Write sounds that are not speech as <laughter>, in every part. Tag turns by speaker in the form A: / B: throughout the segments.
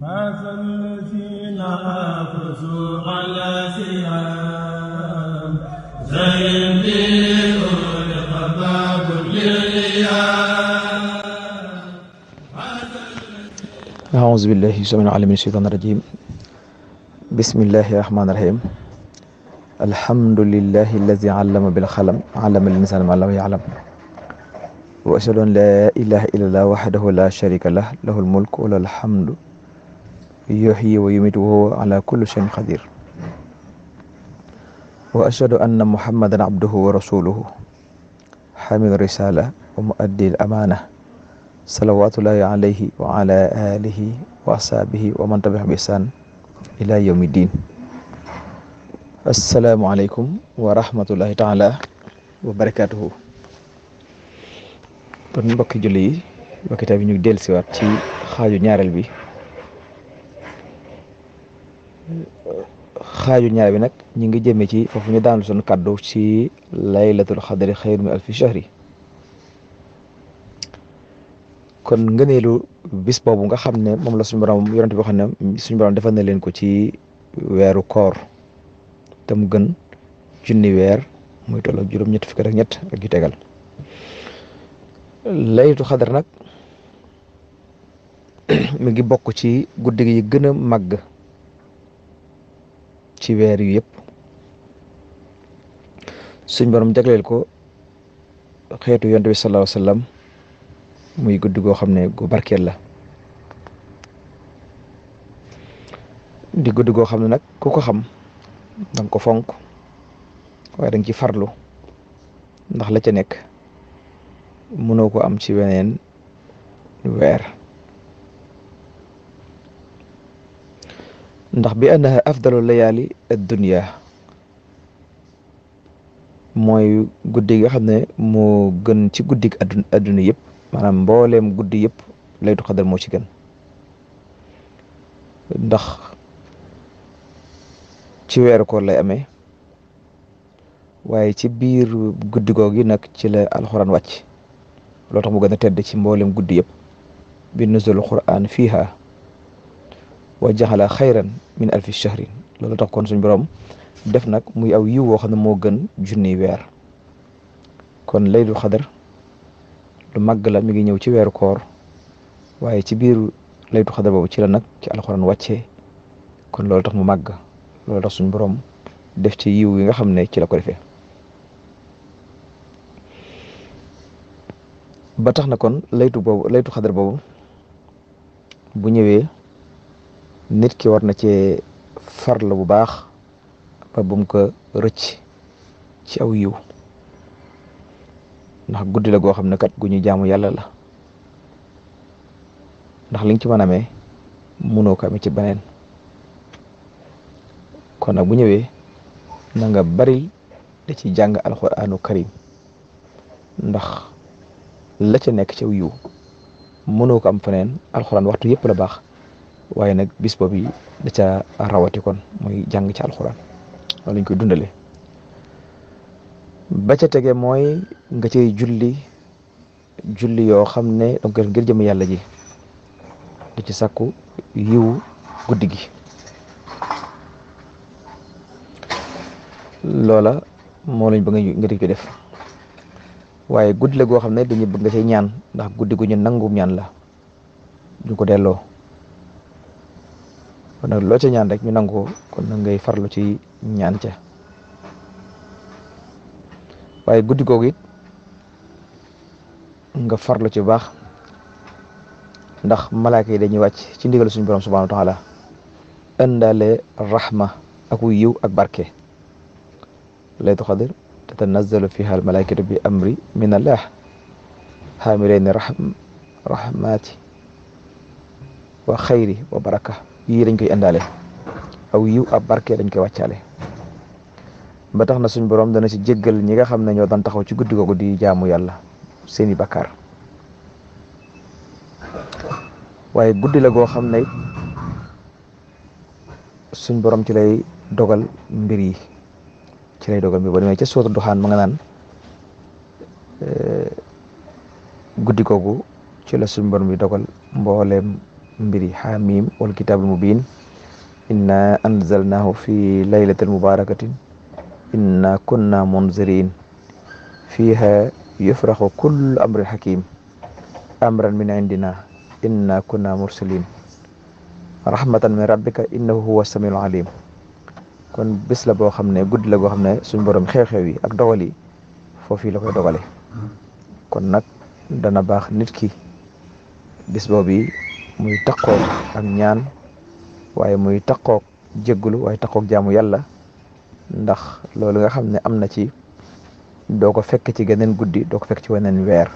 A: زين أعوذ بالله من الشيطان الرجيم بسم الله الرحمن الرحيم الحمد لله الذي علم بالخلم علم الإنسان ما لم يعلم وأشهد أن لا إله إلا الله وحده لا شريك له له الملك وله الحمد يحيي ويميت وهو على كل شيء قدير وأشهد أن محمدا عبده ورسوله حامل الرسالة ومؤدي الأمانة صلوات الله عليه وعلى آله وأصحابه ومن تبع بإحسان إلى يوم الدين السلام عليكم ورحمة الله تعالى وبركاته بن mbokki julli yi نيو tamit ñu dellusiwaat ci xaaju ñaareel bi xaju ñaar bi nak ñi ngi jëme ci fofu ñu daanu sun kaddu ci laylatul qadri xayru min alfi shahri kon ngeenelu bis bobu nga xamne mom la suñu borom yoonte bi xamne suñu borom defal na leen ko ci wéru koor tam gën jinni wér muy tolo juroom juróom ñett fukk ak ñett ak ju tégal laylatul xadr nak <coughs> mi ngi bokku ci guddigi gëna mag ci wèr yu yépp suñu borom jaglél ko xéetu yonte bi sallallahu alayhi wasallam muy gudd go xamné gu barkel la di gudd go xamné nak ku ko xam dang ko fonk way dang ci farlu ndax la ca nek mënoo ko am ci weneen wèr ndax bi annaha afdalu layaali addunia mooy guddi nga xam ne moo gën ci guddik addun adduna yëpp maanaam mbooleem guddi yëpp laytu xadar moo ci gën ndax ci weeru koor lay ame waaye ci biir guddi googu nag ci la alxuraan wàcc loo tax mu gën a tedd ci mbooleem guddi yëpp bi nuzul alxuraan fiiha wa jaxala xayran min alfi shahrin loolu tax kon suñ borom def nag muy aw yiw woo xam ne moo gën junniy weer kon laylu xadar lu màgg la mi ngi ñëw ci weeru koor waaye ci biiru laytu xadar boobu ci la nag ci alxuraan wàccee kon loolu tax mu màgg loolu tax suñ borom def ci yiw yi nga xam ne ci la ko defee ba tax na kon laytu boobu laytu xadar boobu bu ñëwee nit ki war na cee farlu bu baax ba bum ko rëcc ci aw yiw ndax guddi la goo xam ne kat gu ñu jaamu yàlla la ndax li nga ci mën a mënoo ko amee ci beneen kon nag bu ñëwee na nga bari da ci jàng alquranu karim ndax la ci nekk ci aw yiw mënoo ko am feneen alquran waxtu yëpp la baax waaye nag bis yi da ca rawati kon muy jàng ci alxuraan loolu lañ koy dundale ba ca tege mooy nga cay julli julli yoo xam ne donc ngir jëm yàlla ji di ci sàkku yiwu guddi gi loola moo lañ bëgg nga di ko def waaye guddi la goo xam ne dañu bëgg nga cay ñaan ndax guddi gu ñu nangu ñaan la ñu ko delloo kon nag loo ca ñaan rek ñu nangu kon nag ngay farlu ci ñaan ca waaye guddi googu nga farlu ci baax ndax malaaka yi dañuy wàcc ci ndigal suñ borom subhanahu wa taala indaale rahma ak yiw ak barke laytu xadir tatanazzalu fiha al malaikatu bi amri min allah xaamilayni rahmati wa xayri wa baraka yi dañ koy andalé aw yu ab barké dañ koy waccalé ba tax na suñ borom dana ci jéggal ñi nga xam ne ñoo daan taxaw ci guddi googu di jaamu yalla seeni bakkar waye guddi la go xamné suñ borom ci lay dogal mbir yi ci lay dogal mbir bo demee ci sootu duhan ma nga naan eh, guddi googu ci la suñ borom bi dogal mbooleem mbiri xamim wal kitaabul mubiin inna anzalnaahu fi laylatin mubarakatin inna kunna munzirin fiha yufraxu kullu amrin xakim amran min indina inna kunna mursalin rahmatan min rabbika innahu huwa samiul alim kon bis la boo xam ne guddi la boo xam ne suñ borom xew-xew ak dogal yi foofii la koy dogale kon nag dana ki muy takko ak ñaan waye muy takko jéggulu waye takko jaamu yalla ndax loolu nga ne am ci doko fekk ci geneen guddii doko fekk ci weneen weer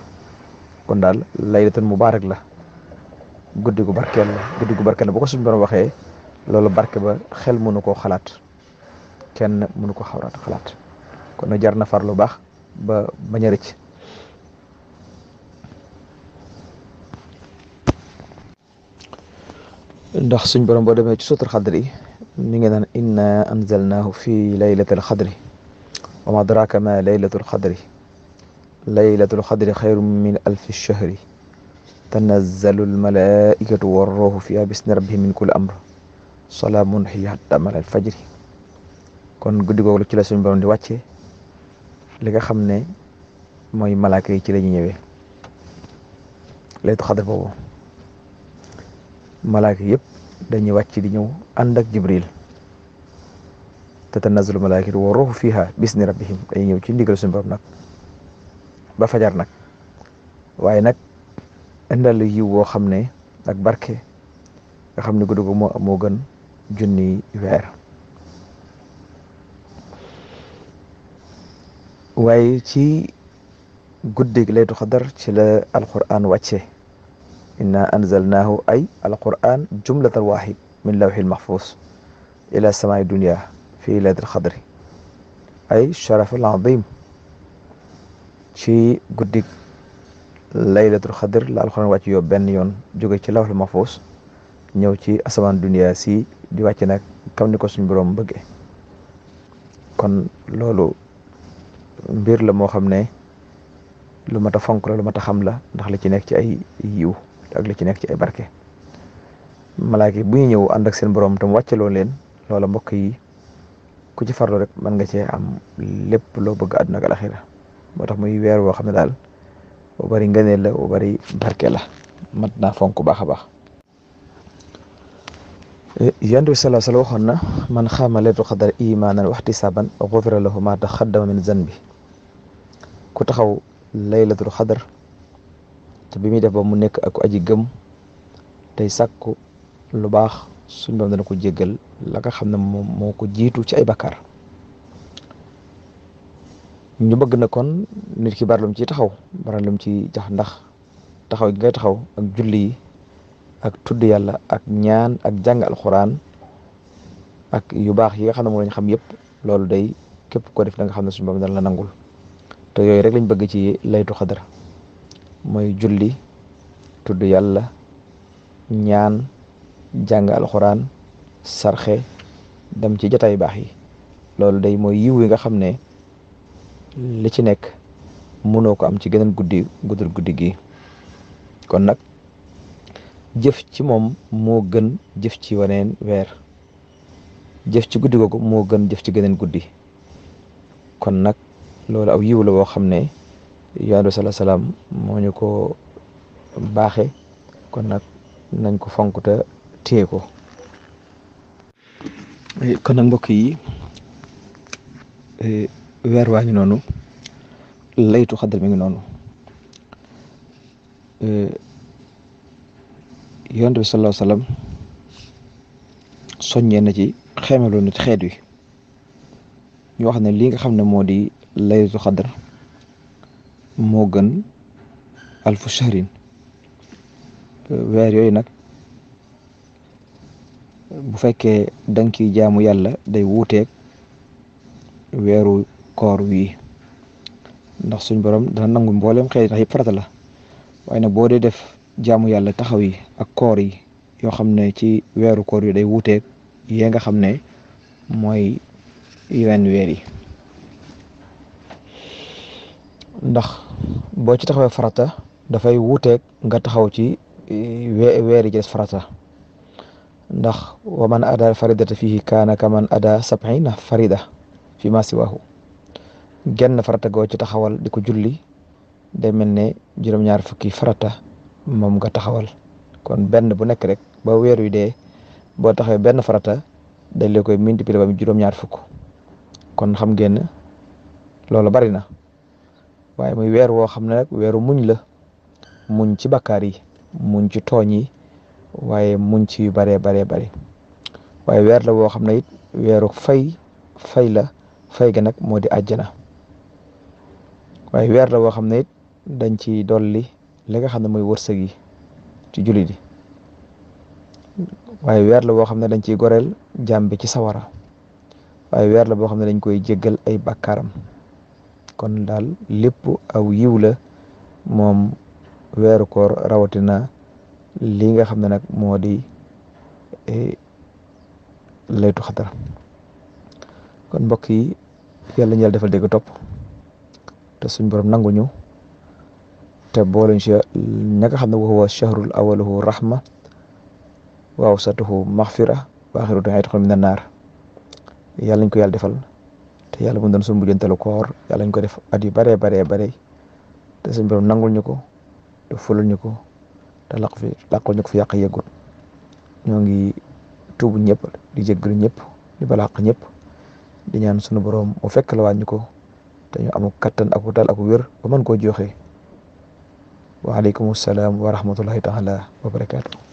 A: kon dal laylatul mubarak la guddii gu barkeel la guddii gu barkeel la bu ko suñu borom waxee loolu barke ba xel mënu ko xalaat kenn mënu ko xawrat xalaat kon na jar na ba ñëricc ndax suñ borom boo demee ci suutar xadr mi ngi naan inna anzalnaahu fi laylatil xadri wa ma adraka ma laylatul xadri laylatul xadri xayru min alfi shahri tanazzalu almalaikatu warruuhu fiha bisni rabbihim min kulli amr salaamun hiya hatta matla'il fajri kon guddi googu ci la suñ borom di wàccee li nga xam ne mooy malaaka yi ci la ñu ñëwee laylatul xadr boobu malaaka yëpp dañuy wàcc di ñëw ànd ak jibril te tanazzalu malaa'ikatu wa ruuhu fiihaa bisni rabbihim dañuy ñëw ci ndigal suñu borom ba fajar nag waaye nag indal yiw woo xam ne ak barke nga xam ne guddi moo moo gën junni weer waaye ci guddi gi laytu xadar ci la alquran wàcce إنا أنزلناه أي القرآن جملة واحد من لوح المحفوظ إلى سماء الدنيا في ليلة الخضر أي الشرف العظيم شي قدك ليلة الخضر لا القرآن واتيو بنيون جوغي تي لوح المحفوظ نيو تي أسماء الدنيا سي دي واتينا كم نيكو سن بروم بغي كون لولو بير لا مو خامني لو متا فونك لو متا خام لا ndax la ci nek ci ay yiwu te ak li ci nekk ci ay barke malaaka yi bu ñu ñëw ànd ak seen borom tam wàccaloo leen loola mbokk yi ku ci farlu rek man nga cee am lépp loo bëgg àdduna ak alaxira moo tax muy weer woo xam ne daal bu bari ngëneel la bu bari barke la mat naa fonk baax a baax yonent bi sallallahu alayhi wa sallam waxoon na man xaama laylatul qadar imaanan wa ihtisaaban gufira lahu maa taqaddama min zanbi ku taxaw laylatul qadar te bi mi def ba mu nekk ak aji gëm tey sakku lu baax suñ borom dana ko jéggal la nga xam ne moom moo ko jiitu ci ay bakkar ñu bëgg na kon nit ki bari ci taxaw bari ci jax ndax taxaw gi ngay taxaw ak julli yi ak tudd yàlla ak ñaan ak jàng alxuraan ak yu baax yi nga xam ne moom lañ xam yépp loolu day képp ko def da nga xam ne suñ la nangul te yooyu rek lañ bëgg ci laytu xadar mooy julli tudd yàlla ñaan jàng alxuraan sarxe dem ci jataay baax yi loolu day mooy yiw yi nga xam ne li ci nekk mënoo ko am ci geneen guddi guddi gi kon nag jëf ci moom moo gën jëf ci waneen weer jëf ci guddi googu moo gën jëf ci geneen guddi kon nag loolu aw yiw la woo xam ne yaadu sala salaam mooñu ñu ko baaxe kon nag nañ ko fonk te téye ko kon nag mbokk yi e, weer waa ngi noonu laytu xadar mi ngi noonu e, yonent bi sallallahu alayhi soññee na ci xeemeloo ci xeet wi ñu wax ne li nga xam ne moo di laytu xadar moo gën alfu weer yooyu nag bu fekkee dang ciy jaamu yàlla day wuuteeg weeru koor wii ndax suñ borom dana nangu mboolem xëy ndax yëpp farata la waaye nag boo dee def jaamu yàlla taxaw yi ak koor yi yoo xam ne ci weeru koor yi day wuuteeg yee nga xam ne mooy yeneen weer yi ndax bo ci taxawé farata fay wuté nga taxaw ci wéri yi ci farata ndax wa man ada faridata fihi kana ka man ada sab'ina farida fi ma siwahu genn farata go ci taxawal diko julli de melne ne ñaar fukki farata mom nga taxawal kon benn bu nek rek ba wéru wi bo taxawé benn farata dañ lay koy multiplier ba juróom-ñaar fukk kon xam genn lolu bari na waaye muy weer woo xam ne weeru muñ la muñ ci bakkaar yi muñ ci tooñ yi waaye muñ yu baree baree bari waaye weer la woo xam ne it weeru fay fay la fay ga nag moo di àjjana waaye weer la woo xam ne it dañ ci dolli li xam ne mooy wërsëg yi ci jullit yi waaye weer la woo xam ne dañ ci goreel jàmm ci sawara waaye weer la boo xam ne dañ koy jéggal ay bakkaaram kon daal lépp aw yiw la moom weeru koor rawatina li nga xam ne nag moo di e, laytu xadar kon mbokk yi yàlla ñu yàlla defal dégg topp te suñ borom nanguñu te boole ñu ña nga xam ne huwa shahrul awaluhu rahma wa awsatuhu maxfira wa axiruhu aytun min annaar yàlla ñu ko yàlla defal te yàlla mu doon suñu mujjantalu koor yalla ngi ko def at yu bare bare bare te sun borom nangul ñuko te fulul ñuko te laq fi laq ñuko fi yaq yegul ñoo ngi tubu ñepp di jéggalu ñepp di balaq ñepp di ñaan sunu borom mu fekk la wañ ko te ñu amu katan ak dal ak wër ba man ko joxe waaleykum salaam wa rahmatullahi taala wa barakatuh.